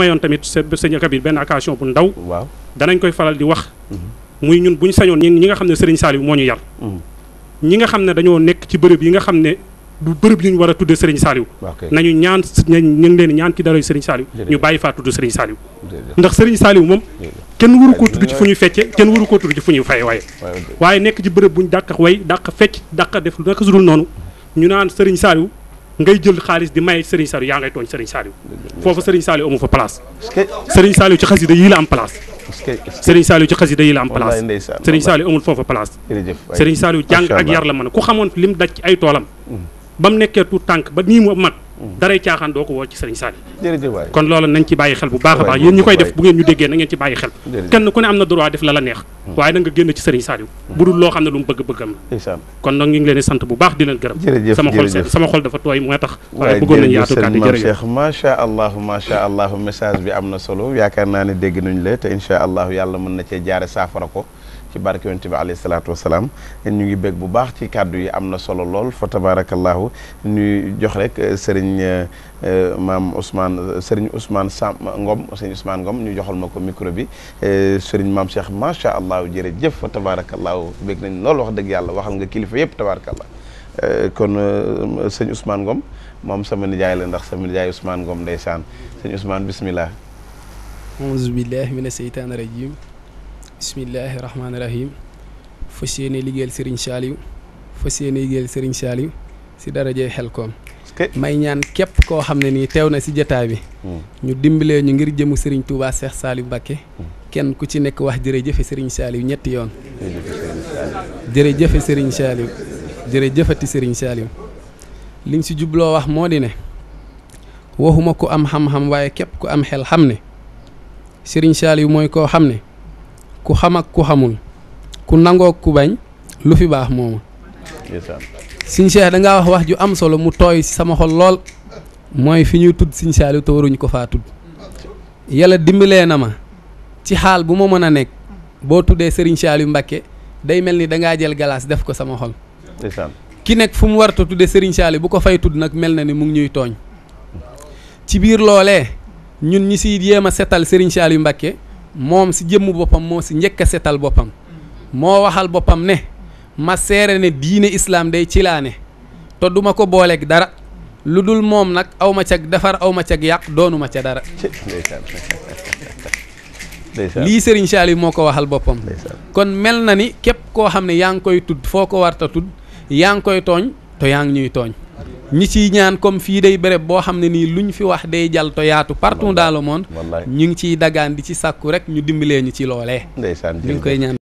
mayoon tamit sëñ Kabir benn occasion bu ndaw waaw danañ koy faral di wax mhm. muy ñun bu ñu sañoon ñi nga xam ne sëriñ Saliou moo ñu yar mhm. ñi nga xam ne dañoo nekk ci bërëb yi nga xam ne du bërëb yu ñu war a tudde sëriñ Saliou nañu ñaan ñu ngi leen ñaan ci daroy sëriñ Saliou ñu bàyyi faa tudd sëriñ Saliou ndax sëriñ Saliou moom kenn waru koo tudd ci fu ñuy fecce kenn waru koo tudd ci fu ñuy fay waaye waaye nekk ci bërëb bu ñu dàq way dàq fecc def naka sudul noonu ñu naan sëriñ Saliou ngay jël xaaliss di may Serigne Saliou ya ngay togn Serigne Saliou fofu Serigne Saliou amu fa place Serigne Saliou ci xasida yi la am place Serigne Saliou ci xasida yi la am place Serigne Saliou amul fofu place Serigne Saliou jàng ak yar la man ku xamone lim dacc ay tolam bam nekké tout tànk ba ni mu mat daray caaxaan doo ko woo ci sëriñ Saliou jërëjëf waay kon loolu nañ ci bàyyi xel bu baax a baax yéen ñu koy def bu ngeen ñu déggee na ngeen ci bàyyi xel kenn ku ne am na droit def la la neex hmm. waaye na nga génn ci sëriñ Saliou bu dul loo xam ne lu mu bëgg-bëggam la kon message bi am na solo yaakaar naa ne dégg nañ la te incha allah yàlla mën na cee jaare saafara ko ci barke bi alayhi salaatu wasalaam ñu ngi bég bu baax ci kàddu yi am na solo lool sëriñ maam Ousmane sëriñ Ousmane Sam Ngom sëriñ Ousmane Ngom ñu joxal ma ko micro bi sëriñ maam Cheikh macha allah jërëjëf fa tabaarakallaahu bég nañ loolu wax dëgg yàlla waxal nga kilifa yëpp tabaarakallah kon sëñ Ousmane Ngom moom sama nijaay la ndax sama nijaay Ousmane Ngom ndeysaan sëñ Ousmane bisimilah. auzu billahi mina seytaani rajim bismillahi rahmaani rahim fas yéene liggéeyal sëriñ Saliou fas yéene liggéeyal sëriñ Saliou si darajee xel koom may ñaan képp koo xam ne nii teew na si jotaay bi. Hmm. ñu dimbalee ñu ngir jëmu Serigne Touba Cheikh Saliou bakke hmm. kenn ku ci nekk wax jërëjëfe Serigne Saliou ñetti yoon. jërëjëfe Serigne Saliou jërëjëfati Serigne Saliou. liñ si jubloo wax moo di ne. waxuma ku am xam-xam waaye képp ku am xel xam ne. Serigne Saliou mooy koo xam ne. ku xam ak ku xamul. ku nangoo ku bañ. lu fi baax mooma. sëñ Cheikh da ngaa wax wax ju am solo mu tooy ci sama xol lool mooy fi ñuy tudd sëñ Saliou te ko faa tudd yàlla dimbalee na ma ci xaal bu ma mën a nekk boo tuddee Serigne Saliou Mbacke day mel ni da ngaa jël galaas def ko sama xol. ki nekk fu mu warta tuddee Serigne Saliou ko fay tudd nag mel na ni mu ngi ñuy tooñ ci biir loole ñun ñi siy yéem a setal Serigne Saliou Mbacke moom si jëmm boppam moo si njëkk a setal boppam moo waxal boppam ne. ma seere ne diine islaam day ci laa ne te duma ko booleeg dara lu dul moom nag aw ma defar aw ma cag yàq doonuma ca dara lii Serigne Saliou moo ko waxal boppam kon mel na ni képp koo xam ne yaa ngi koy tudd foo ko warta tudd yaa ngi koy tooñ to yaa ngi ñuy tooñ ñi ciy ñaan comme fii day béréb boo xam ne nii lu ñu fi wax day jal to yaatu partout dans le ñu ngi ciy dagaan di ci sàkku rek ñu dimbalee ñu ci loolee ñu ngi koy ñaan